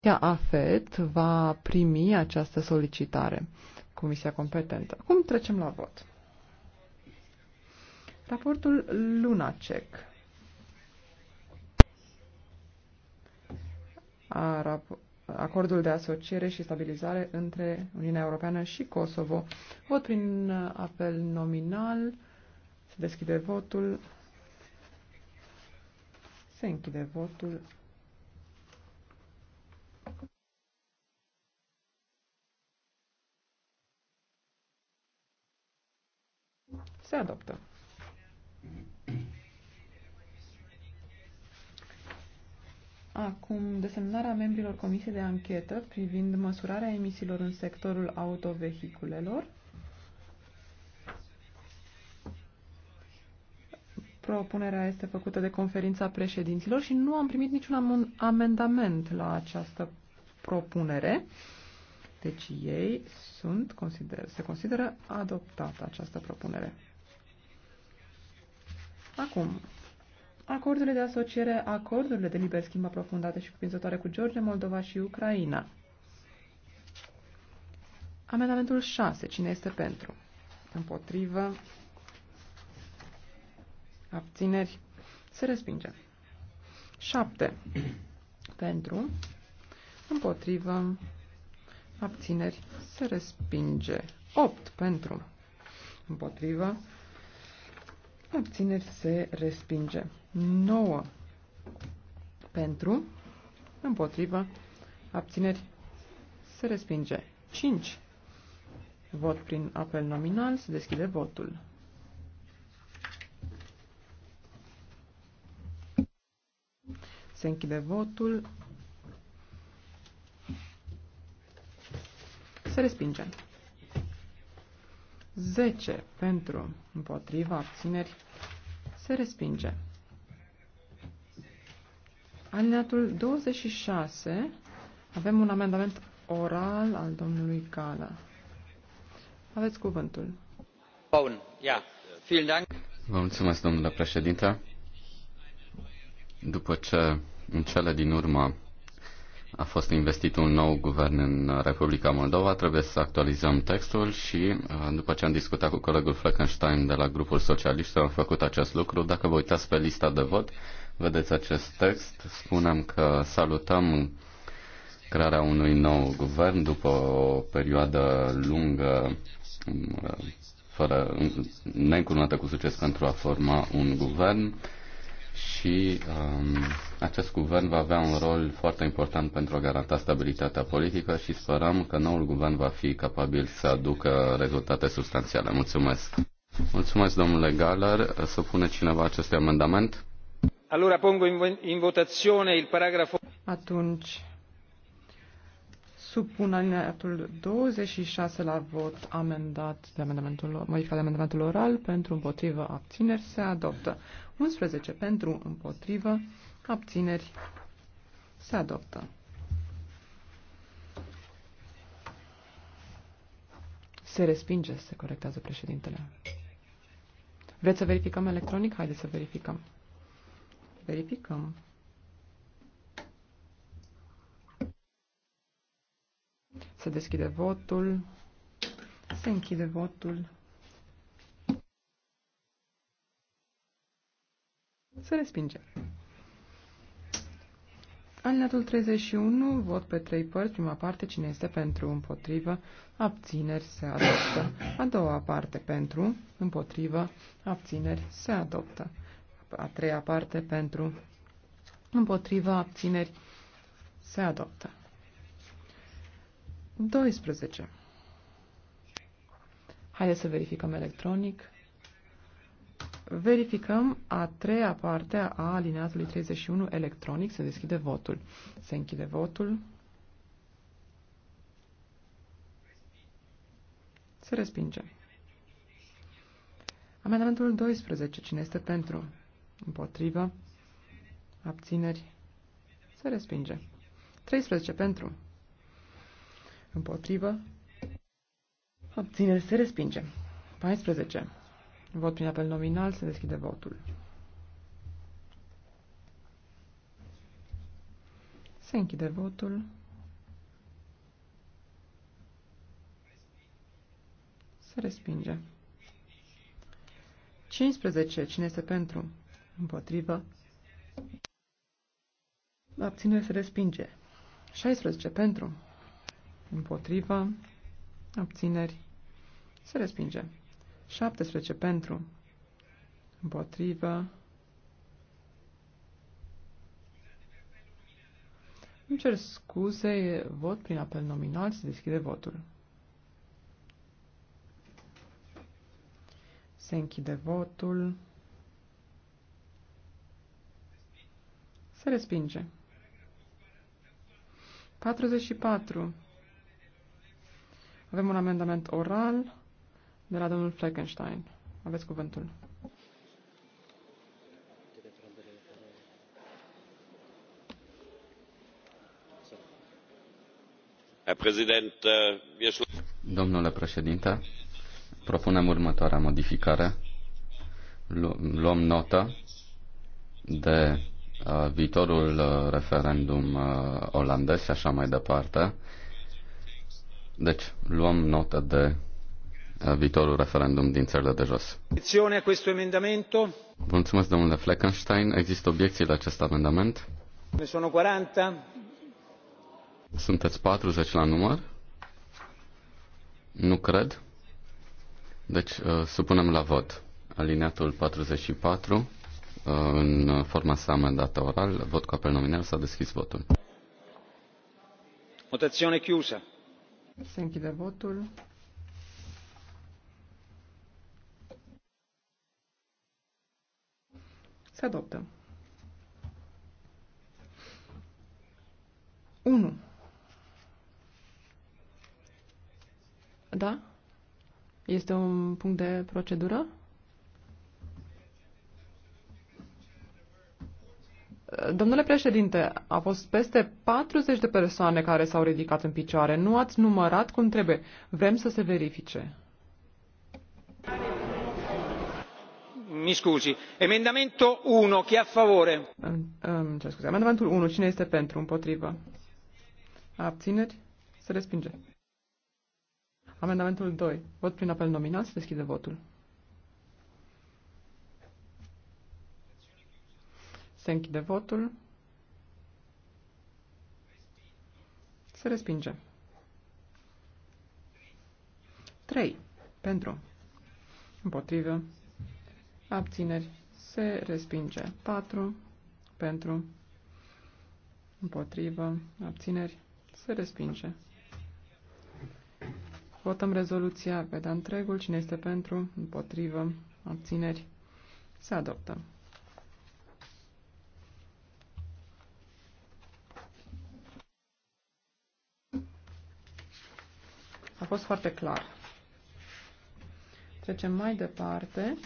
Comisia AFET va primi această solicitare, comisia competentă. Acum trecem la vot. Raportul Lunacek. A rap- acordul de asociere și stabilizare între Uniunea Europeană și Kosovo. Vot prin apel nominal. Se deschide votul. Se închide votul. Se adoptă. Acum, desemnarea membrilor Comisiei de Anchetă privind măsurarea emisiilor în sectorul autovehiculelor. Propunerea este făcută de conferința președinților și nu am primit niciun amendament la această propunere. Deci ei sunt, consider, se consideră adoptată această propunere. Acum, acordurile de asociere, acordurile de liber schimb aprofundate și cuprinzătoare cu Georgia, Moldova și Ucraina. Amendamentul 6. Cine este pentru? Împotrivă. Abțineri. Se respinge. 7. Pentru. Împotrivă. Abțineri. Se respinge. 8. Pentru. Împotrivă abțineri se respinge. 9 pentru, împotrivă, abțineri se respinge. 5. Vot prin apel nominal, se deschide votul. Se închide votul. Se respinge. 10 pentru, împotriva, abțineri, se respinge. Alineatul 26, avem un amendament oral al domnului Gala. Aveți cuvântul. Bun, ia. Vă mulțumesc, domnule președinte. După ce în cele din urmă a fost investit un nou guvern în Republica Moldova, trebuie să actualizăm textul și uh, după ce am discutat cu colegul Fleckenstein de la grupul socialist, am făcut acest lucru. Dacă vă uitați pe lista de vot, vedeți acest text. Spunem că salutăm crearea unui nou guvern după o perioadă lungă uh, fără, neîncurnată cu succes pentru a forma un guvern și um, acest guvern va avea un rol foarte important pentru a garanta stabilitatea politică și sperăm că noul guvern va fi capabil să aducă rezultate substanțiale. Mulțumesc. Mulțumesc, domnule Galler. Să pune cineva acest amendament? Allora pongo in, votazione il paragrafo. Atunci supun alineatul 26 la vot amendat de amendamentul, modificat de amendamentul oral pentru împotrivă abțineri se adoptă. 11 pentru împotrivă abțineri se adoptă. Se respinge, se corectează președintele. Vreți să verificăm electronic? Haideți să verificăm. Verificăm. Se deschide votul. Se închide votul. Se respinge. Alinatul 31, vot pe trei părți, prima parte, cine este pentru, împotrivă, abțineri, se adoptă. A doua parte, pentru, împotrivă, abțineri, se adoptă. A treia parte, pentru, împotrivă, abțineri, se adoptă. 12. Haideți să verificăm electronic. Verificăm a treia parte a alineatului 31 electronic. Se deschide votul. Se închide votul. Se respinge. Amendamentul 12. Cine este pentru? Împotrivă. Abțineri. Se respinge. 13. Pentru. Împotrivă. Abțineri se respinge. 14. Vot prin apel nominal. Se deschide votul. Se închide votul. Se respinge. 15. Cine este pentru? Împotrivă. Abținere se respinge. 16. Pentru împotrivă, abțineri, se respinge. 17 pentru, împotrivă, Îmi cer scuze, vot prin apel nominal, se deschide votul. Se închide votul. Se respinge. 44. Avem un amendament oral de la domnul Fleckenstein. Aveți cuvântul. Äh, Domnule președinte, propunem următoarea modificare. Luăm notă de uh, viitorul uh, referendum uh, olandez și așa mai departe deci, luăm notă de uh, viitorul referendum din țările de jos. Mulțumesc, domnule Fleckenstein. Există obiecții la acest amendament? Ne sono 40. Sunteți 40 la număr? Nu cred. Deci, uh, supunem la vot. Alineatul 44, uh, în forma sa amendată oral, vot cu apel nominal, s-a deschis votul. Votazione chiusa. Se închide votul. Se adoptă. 1. Da? Este un punct de procedură? Domnule președinte, a fost peste 40 de persoane care s-au ridicat în picioare. Nu ați numărat cum trebuie. Vrem să se verifice. Mi scuzi. Emendamentul 1, chi a favore? Îmi cer scuze. Amendamentul 1, cine este pentru, împotrivă? Abțineri? Se respinge. Amendamentul 2, vot prin apel nominal, se deschide votul. Se închide votul. Se respinge. 3. Pentru. Împotrivă. Abțineri. Se respinge. 4. Pentru. Împotrivă. Abțineri. Se respinge. Votăm rezoluția pe de întregul. Cine este pentru? Împotrivă. Abțineri. Se adoptă. fost foarte clar. Trecem mai departe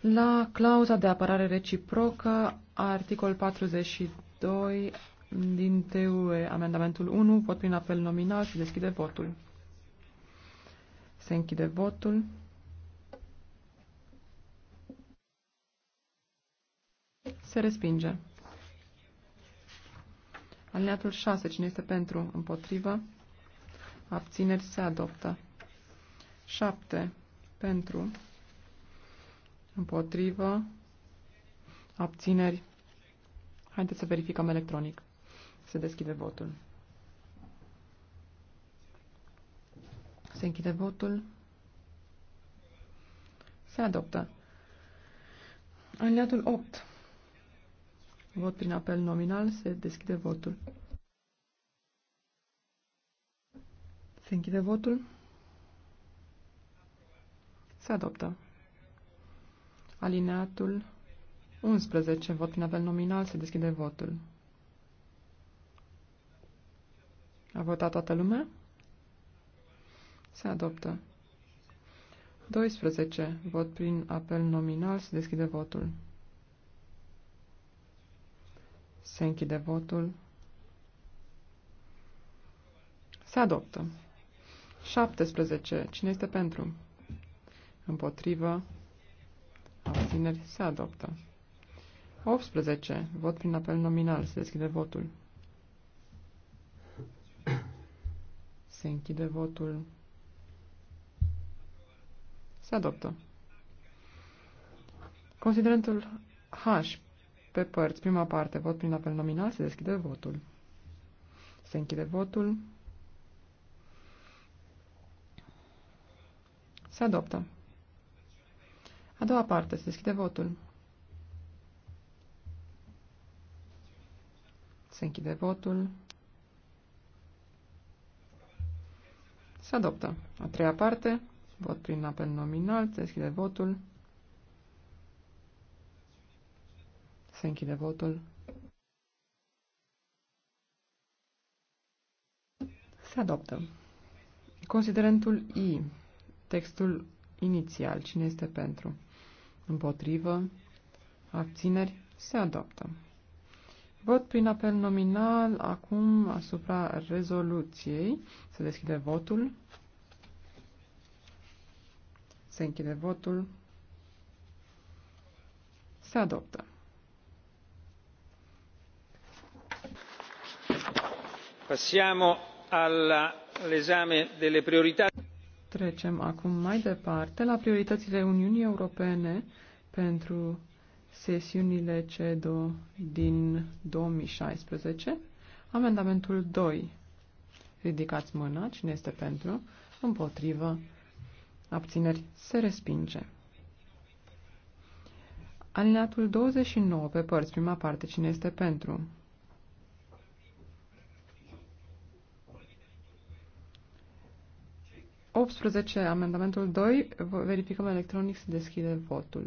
la clauza de apărare reciprocă, articol 42 din TUE, amendamentul 1, vot prin apel nominal, și deschide votul. Se închide votul. Se respinge. Alineatul 6. Cine este pentru? Împotrivă? abțineri se adoptă. 7 pentru, împotrivă, abțineri. Haideți să verificăm electronic. Se deschide votul. Se închide votul. Se adoptă. Alineatul 8. Vot prin apel nominal. Se deschide votul. Se închide votul. Se adoptă. Alineatul 11. Vot prin apel nominal. Se deschide votul. A votat toată lumea? Se adoptă. 12. Vot prin apel nominal. Se deschide votul. Se închide votul. Se adoptă. 17. Cine este pentru? Împotrivă. Abțineri. Se adoptă. 18. Vot prin apel nominal. Se deschide votul. Se închide votul. Se adoptă. Considerentul H pe părți, prima parte, vot prin apel nominal, se deschide votul. Se închide votul. Se adoptă. A doua parte. Se deschide votul. Se închide votul. Se adoptă. A treia parte. Vot prin apel nominal. Se deschide votul. Se închide votul. Se adoptă. Considerentul I textul inițial. Cine este pentru? Împotrivă? Abțineri? Se adoptă. Vot prin apel nominal acum asupra rezoluției. Se deschide votul. Se închide votul. Se adoptă. Passiamo all'esame delle priorità. Trecem acum mai departe la prioritățile Uniunii Europene pentru sesiunile CEDO din 2016. Amendamentul 2. Ridicați mâna. Cine este pentru? Împotrivă. Abțineri. Se respinge. Alineatul 29 pe părți. Prima parte. Cine este pentru? 18, amendamentul 2, verificăm electronic să deschide votul.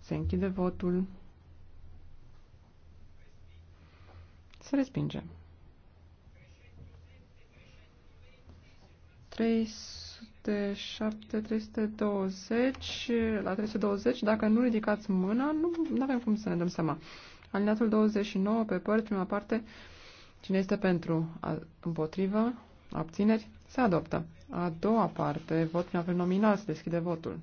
Se închide votul. Se respinge. 307, 320, la 320, dacă nu ridicați mâna, nu avem cum să ne dăm seama. Alineatul 29 pe părți, prima parte, Cine este pentru? A, împotrivă? Abțineri? Se adoptă. A doua parte, vot prin apel nominal, se deschide votul.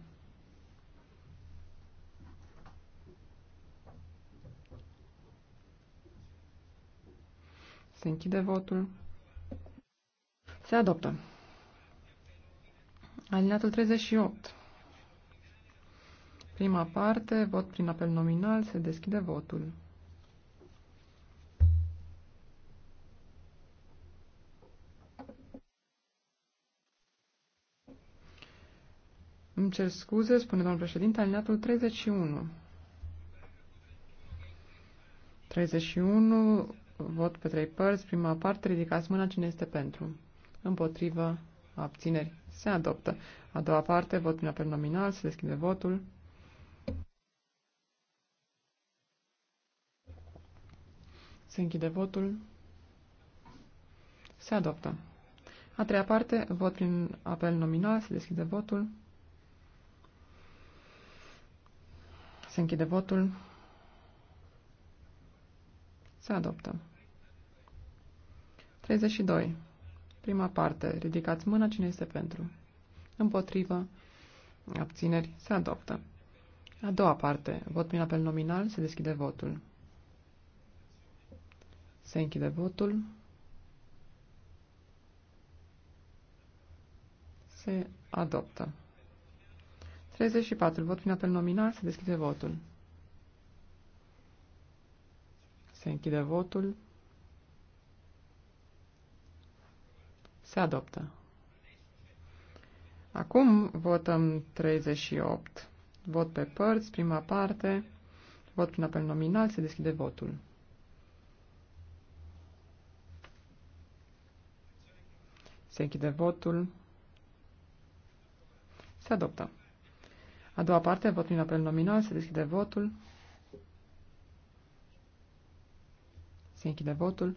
Se închide votul. Se adoptă. Alinatul 38. Prima parte, vot prin apel nominal, se deschide votul. Îmi cer scuze, spune domnul președinte, alineatul 31. 31, vot pe trei părți, prima parte, ridicați mâna cine este pentru. Împotrivă, abțineri, se adoptă. A doua parte, vot prin apel nominal, se deschide votul. Se închide votul. Se adoptă. A treia parte, vot prin apel nominal, se deschide votul. Se închide votul. Se adoptă. 32. Prima parte. Ridicați mâna cine este pentru. Împotrivă. Abțineri. Se adoptă. A doua parte. Vot prin apel nominal. Se deschide votul. Se închide votul. Se adoptă. 34. Vot prin apel nominal. Se deschide votul. Se închide votul. Se adoptă. Acum votăm 38. Vot pe părți, prima parte, vot prin apel nominal, se deschide votul. Se închide votul. Se adoptă. A doua parte, vot prin apel nominal, se deschide votul. Se închide votul.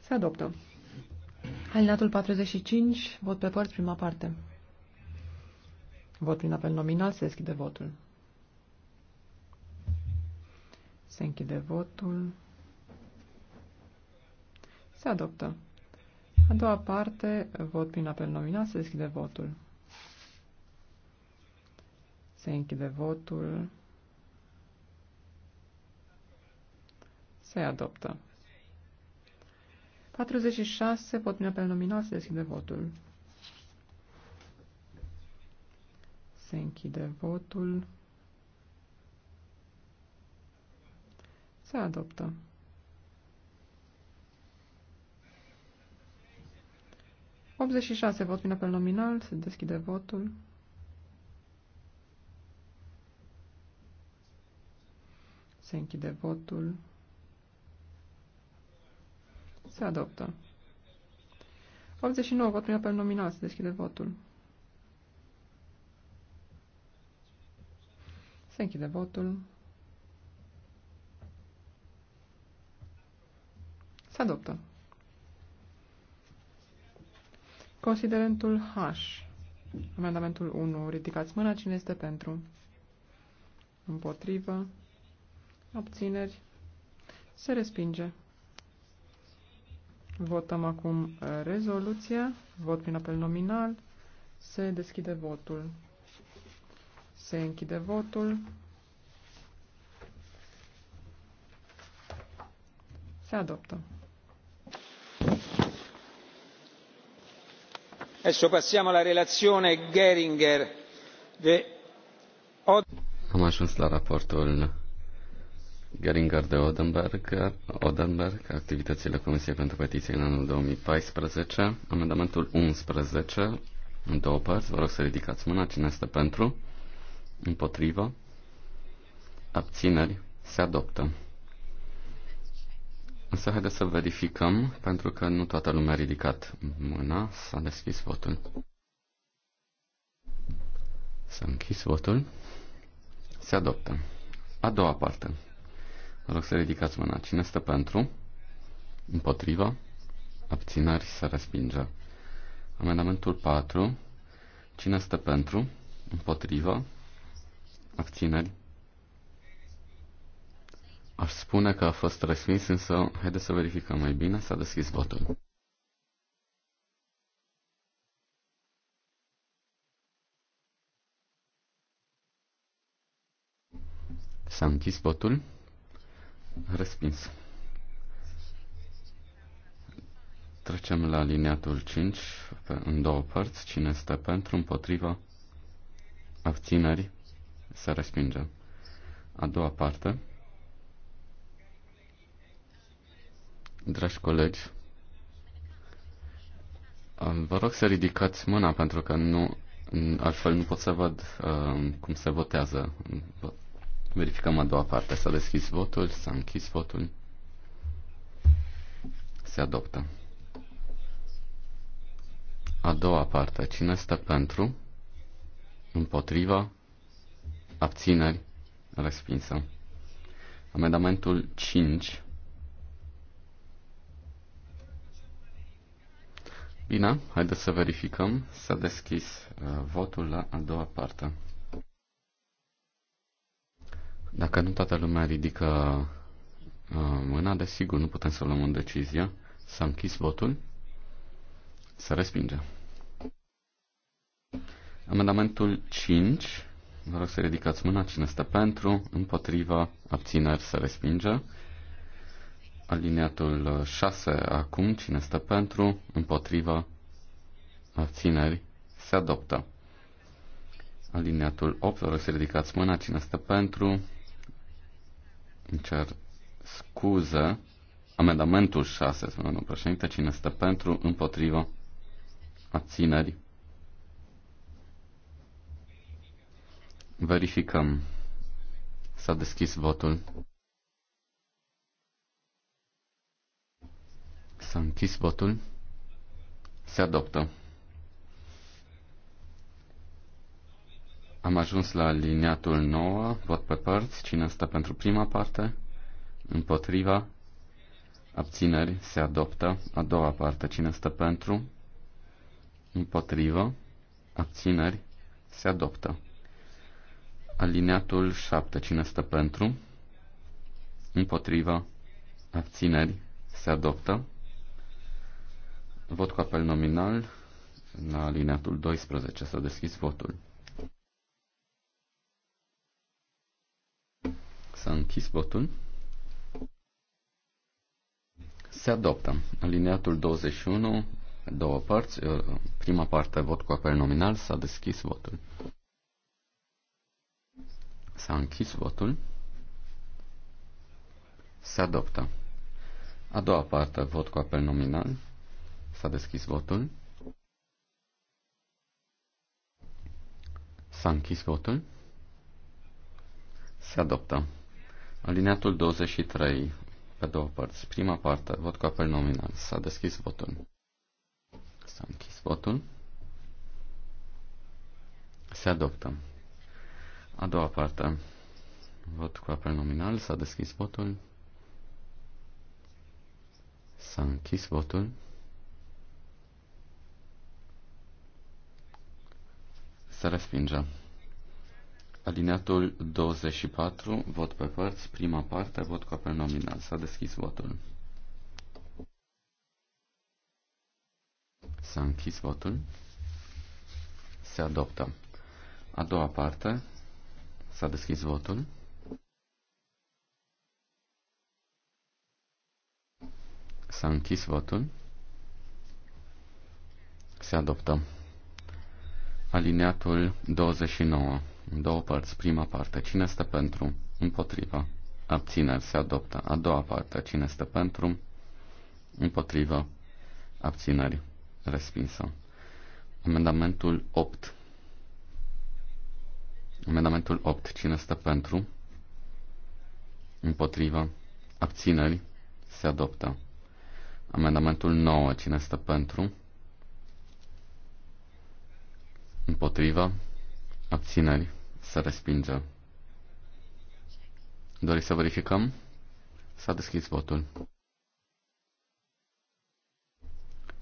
Se adoptă. Alinatul 45, vot pe părți, prima parte. Vot prin apel nominal, se deschide votul. Se închide votul. Se adoptă. A doua parte, vot prin apel nominal, se deschide votul. Se închide votul. Se adoptă. 46, vot prin apel nominal, se deschide votul. Se închide votul. Se adoptă. 86. Vot prin apel nominal. Se deschide votul. Se închide votul. Se adoptă. 89. Vot prin apel nominal. Se deschide votul. Se închide votul. Se adoptă. Considerentul H. Amendamentul 1. Ridicați mâna. Cine este pentru? Împotrivă. Abțineri. Se respinge. Votăm acum rezoluția. Vot prin apel nominal. Se deschide votul. Se închide votul. Se adoptă. Am ajuns la raportul Geringer de Odenberg, Odenberg activitățile Comisiei pentru Petiții în anul 2014, amendamentul 11, în două părți, vă rog să ridicați mâna, cine este pentru, împotrivă, abțineri, se adoptă. Însă haideți să verificăm, pentru că nu toată lumea a ridicat mâna, s-a deschis votul. S-a închis votul. Se adoptă. A doua parte. Vă rog să ridicați mâna. Cine stă pentru? Împotriva? Abținări să respingă Amendamentul 4. Cine stă pentru? Împotriva? Abținări Aș spune că a fost respins, însă haideți să verificăm mai bine. S-a deschis votul. S-a închis votul. Respins. Trecem la aliniatul 5 pe, în două părți. Cine este pentru, împotriva, abțineri, se respinge. A doua parte. Dragi colegi, um, vă rog să ridicați mâna pentru că nu, altfel nu pot să văd uh, cum se votează. Verificăm a doua parte. S-a deschis votul, s-a închis votul. Se adoptă. A doua parte. Cine stă pentru? Împotriva? Abțineri? Respinsă. Amendamentul 5 Bine, haideți să verificăm. S-a deschis uh, votul la a doua parte. Dacă nu toată lumea ridică uh, mâna, desigur, nu putem să luăm o decizie. S-a închis votul. Se respinge. Amendamentul 5. Vă rog să ridicați mâna. Cine este pentru? Împotriva? Abțineri? Se respinge. Alineatul 6 uh, acum, cine stă pentru, împotrivă, abțineri, se adoptă. Alineatul 8, vă rog să ridicați mâna, cine stă pentru, îmi cer scuză, amendamentul 6, spune domnul președinte, cine stă pentru, împotrivă, abțineri. Verificăm. S-a deschis votul. să a închis votul. Se adoptă. Am ajuns la liniatul 9, vot pe părți, cine stă pentru prima parte, împotriva, abțineri, se adoptă, a doua parte, cine stă pentru, împotrivă, abțineri, se adoptă. aliniatul 7, cine stă pentru, împotriva, abțineri, se adoptă. Vot cu apel nominal la alineatul 12. S-a deschis votul. S-a închis votul. Se adoptă. Alineatul 21, două părți. Uh, prima parte, vot cu apel nominal, s-a deschis votul. S-a închis votul. Se adoptă. A doua parte, vot cu apel nominal, S-a deschis votul. S-a închis votul. Se adoptă. Alineatul 23, pe două părți. Prima parte, vot cu apel nominal. S-a deschis votul. S-a închis votul. Se adoptă. A doua parte, vot cu apel nominal. S-a deschis votul. S-a închis votul. se respinge. Alineatul 24, vot pe părți, prima parte, vot cu apel nominal. S-a deschis votul. S-a închis votul. Se adoptă. A doua parte, s-a deschis votul. S-a închis votul. Se adoptă. Aliniatul 29. două părți. Prima parte. Cine este pentru? Împotriva. Abțineri. Se adoptă. A doua parte. Cine este pentru? Împotriva. Abțineri. Respinsă. Amendamentul 8. Amendamentul 8. Cine este pentru? Împotriva. Abțineri. Se adoptă. Amendamentul 9. Cine este pentru? Împotriva. Abțineri. Se respinge. Doriți să verificăm? S-a deschis votul.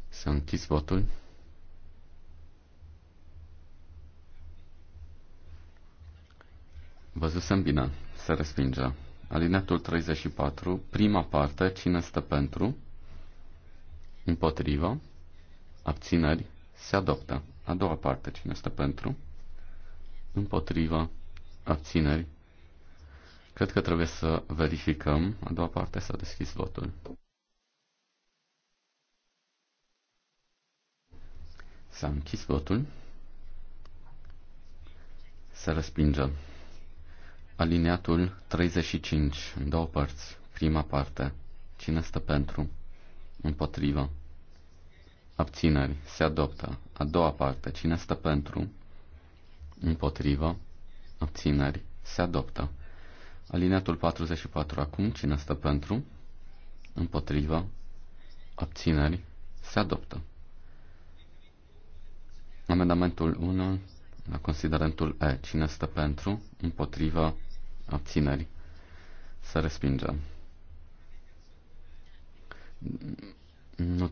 S-a închis votul. Văzusem bine. Se respinge. Alineatul 34, prima parte, cine stă pentru? Împotrivă. Abțineri. Se adoptă. A doua parte, cine este pentru? Împotriva abțineri. Cred că trebuie să verificăm. A doua parte s-a deschis votul. S-a închis votul. Se respinge. Aliniatul 35, în două părți. Prima parte. Cine stă pentru? Împotriva abțineri, se adoptă. A doua parte, cine stă pentru, împotrivă, abțineri, se adoptă. Alineatul 44 acum, cine stă pentru, împotrivă, abțineri, se adoptă. Amendamentul 1 la considerentul E. Cine stă pentru, împotrivă, abțineri. Să respingem.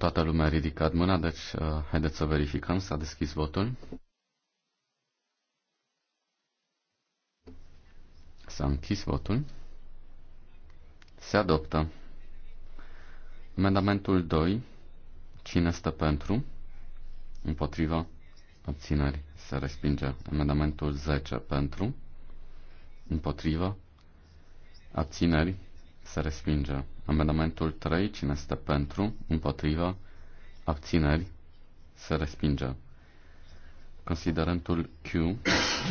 Toată lumea a ridicat mâna, deci uh, haideți să verificăm. S-a deschis votul. S-a închis votul. Se adoptă. Amendamentul 2. Cine stă pentru? Împotriva? Abțineri. Se respinge. Amendamentul 10. Pentru? Împotriva? Abțineri. Se respinge. Amendamentul 3, cine este pentru, împotrivă, abțineri, se respinge. Considerentul Q,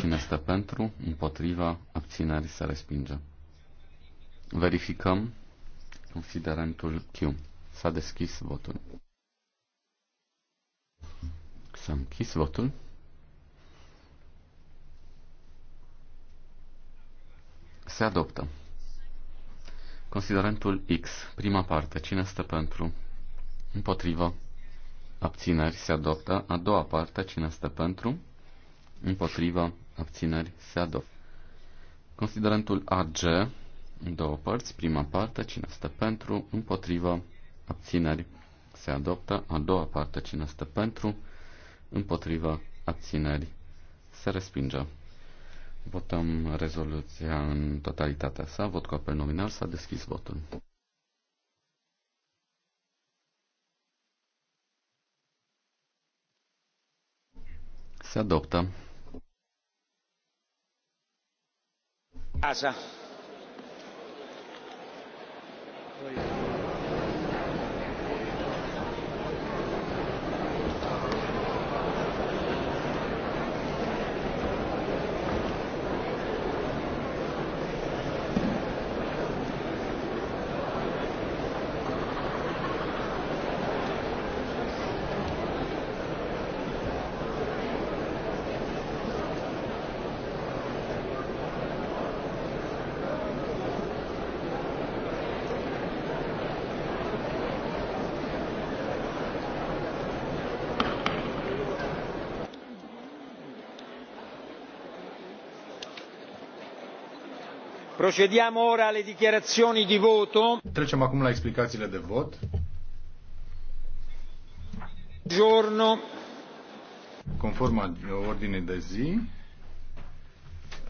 cine este pentru, împotriva, abțineri, se respinge. Verificăm considerentul Q. S-a deschis votul. S-a închis votul. Se adoptă. Considerentul X, prima parte, cine stă pentru? Împotrivă. Abțineri se adoptă. A doua parte, cine stă pentru? Împotrivă. Abțineri se adoptă. Considerentul AG, în două părți, prima parte, cine stă pentru? Împotrivă. Abțineri se adoptă. A doua parte, cine stă pentru? Împotrivă. Abțineri se respinge. Votăm rezoluția în totalitatea sa. Vot cu apel nominal. S-a deschis votul. Se adoptă. Așa. Procediamo ora alle dichiarazioni di voto. Trecem acum la explicațiile de vot. Giorno. Conform ordinii de zi,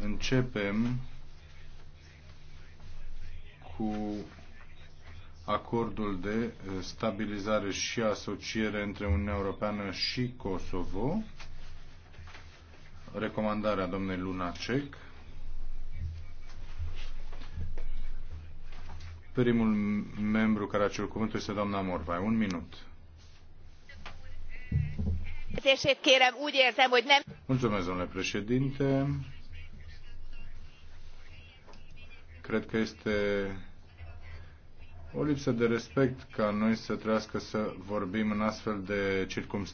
începem cu acordul de eh, stabilizare și asociere între Uniunea Europeană și Kosovo, recomandarea domnului Lunacek, Primul membru care a cerut cuvântul este doamna Morvai. Un minut. Mulțumesc, domnule președinte. Cred că este o lipsă de respect ca noi să trească să vorbim în astfel de circunstanțe.